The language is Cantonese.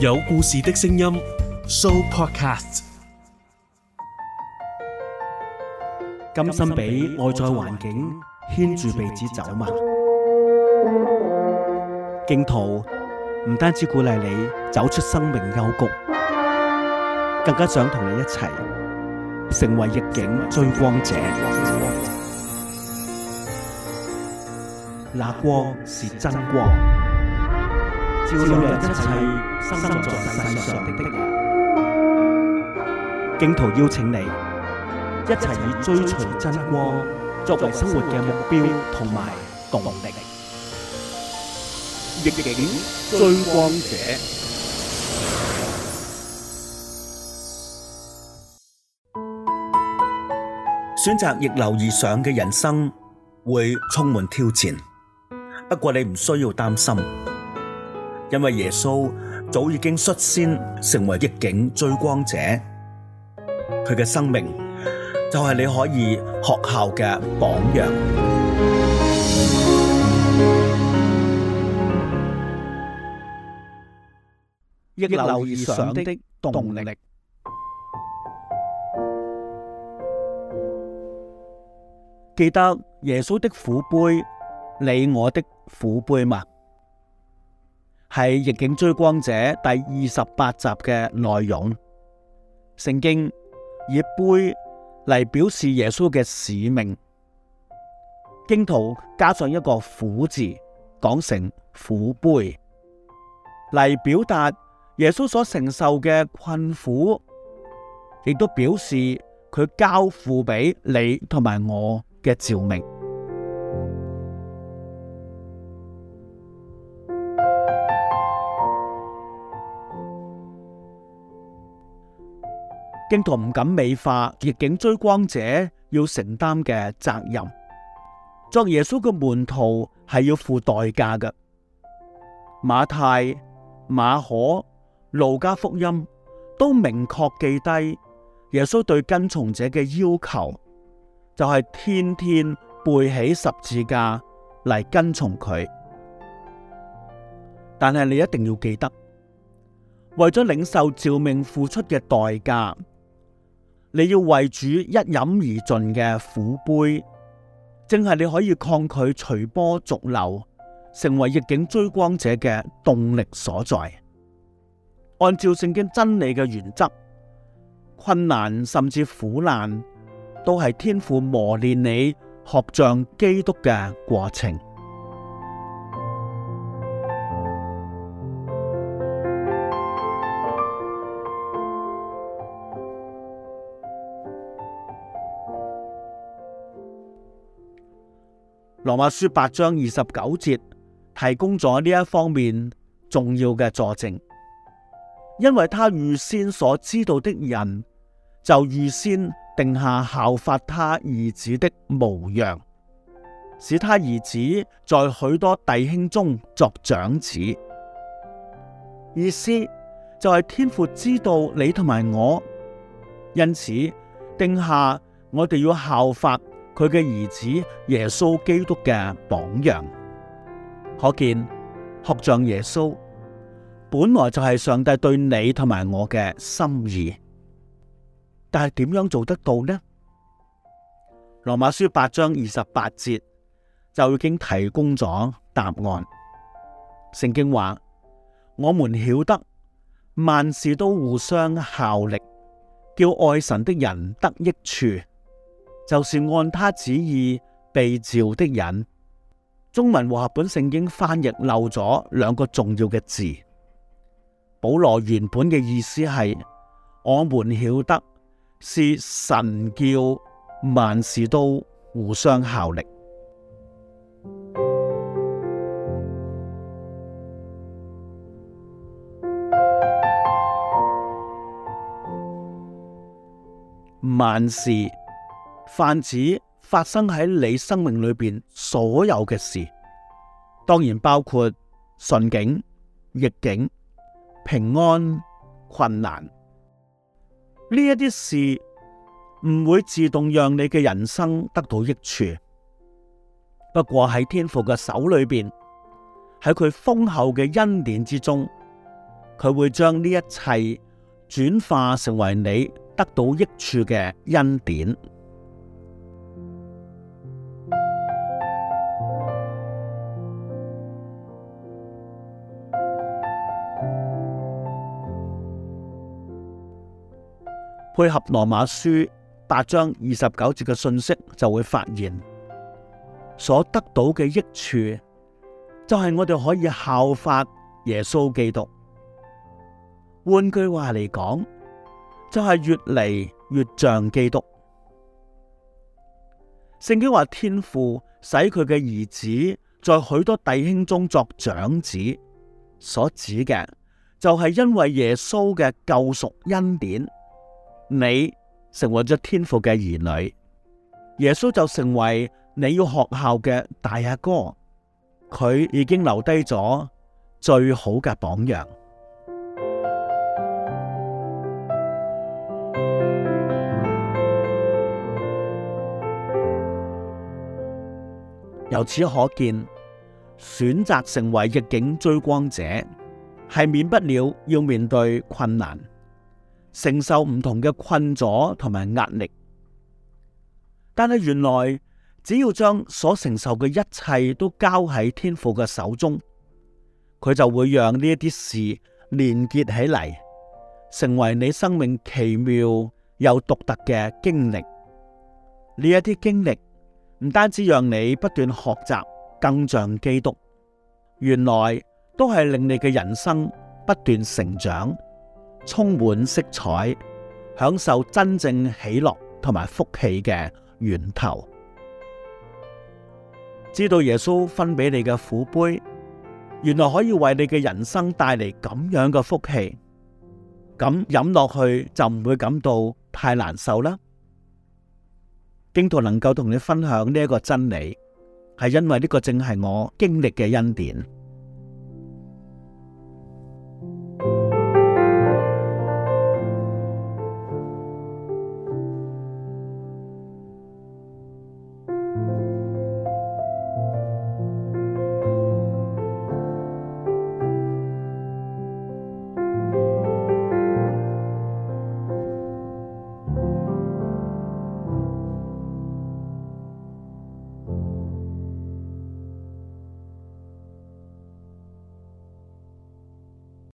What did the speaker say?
有故事的聲音，Sooopodcast。甘心俾外在環境牽住鼻子走嘛？荊徒唔單止鼓勵你走出生命幽谷，更加想同你一齊成為逆境追光者。那光是真光。照亮一切生在世上的人，荊徒邀請你一齊以追隨真光作為生活嘅目標同埋動力，逆境追光者。選擇逆流而上嘅人生會充滿挑戰，不過你唔需要擔心。因為耶穌早已經率先成為逆境追光者，佢嘅生命就係你可以學效嘅榜樣，逆流而上的動力。記得耶穌的苦杯，你我的苦杯嗎？係《逆境追光者》第二十八集嘅內容。聖經以杯嚟表示耶穌嘅使命，荊徒加上一個苦字，講成苦杯嚟表達耶穌所承受嘅困苦，亦都表示佢交付俾你同埋我嘅照明。荊徒唔敢美化逆境追光者要承擔嘅責任。作耶穌嘅門徒係要付代價嘅。馬太、馬可、路加福音都明確記低耶穌對跟從者嘅要求，就係、是、天天背起十字架嚟，跟從佢。但係你一定要記得，為咗領受召命付出嘅代價。你要為主一飲而盡嘅苦杯，正係你可以抗拒隨波逐流，成為逆境追光者嘅動力所在。按照聖經真理嘅原則，困難甚至苦難，都係天父磨練你學像基督嘅過程。羅馬書八章二十九節提供咗呢一方面重要嘅佐證，因為他預先所知道的人，就預先定下效法他兒子的模樣，使他兒子在許多弟兄中作長子。意思就係天父知道你同埋我，因此定下我哋要效法。佢嘅兒子耶穌基督嘅榜樣，可見學像耶穌本來就係上帝對你同埋我嘅心意，但係點樣做得到呢？羅馬書八章二十八節就已經提供咗答案。聖經話，我們曉得萬事都互相效力，叫愛神的人得益處。就是按他旨意被召的人。中文和合本聖經翻譯漏咗兩個重要嘅字。保羅原本嘅意思係：我們曉得，是神叫萬事都互相效力，萬事。泛指發生喺你生命裏邊所有嘅事，當然包括順境、逆境、平安、困難呢一啲事，唔會自動讓你嘅人生得到益處。不過喺天父嘅手裏邊，喺佢豐厚嘅恩典之中，佢會將呢一切轉化成為你得到益處嘅恩典。配合羅馬書八章二十九節嘅信息，就會發現所得到嘅益處就係我哋可以效法耶穌基督。換句話嚟講，就係、是、越嚟越像基督。聖經話天父使佢嘅兒子在許多弟兄中作長子，所指嘅就係因為耶穌嘅救贖恩典。你成為咗天父嘅兒女，耶穌就成為你要學校嘅大阿哥，佢已經留低咗最好嘅榜樣。由此可見，選擇成為逆境追光者，係免不了要面對困難。承受唔同嘅困阻同埋壓力，但係原來只要將所承受嘅一切都交喺天父嘅手中，佢就會讓呢一啲事連結起嚟，成為你生命奇妙又獨特嘅經歷。呢一啲經歷唔單止讓你不斷學習，更像基督。原來都係令你嘅人生不斷成長。充滿色彩，享受真正喜樂同埋福氣嘅源頭。知道耶穌分俾你嘅苦杯，原來可以為你嘅人生帶嚟咁樣嘅福氣，咁飲落去就唔會感到太難受啦。荊徒能夠同你分享呢一個真理，係因為呢個正係我經歷嘅恩典。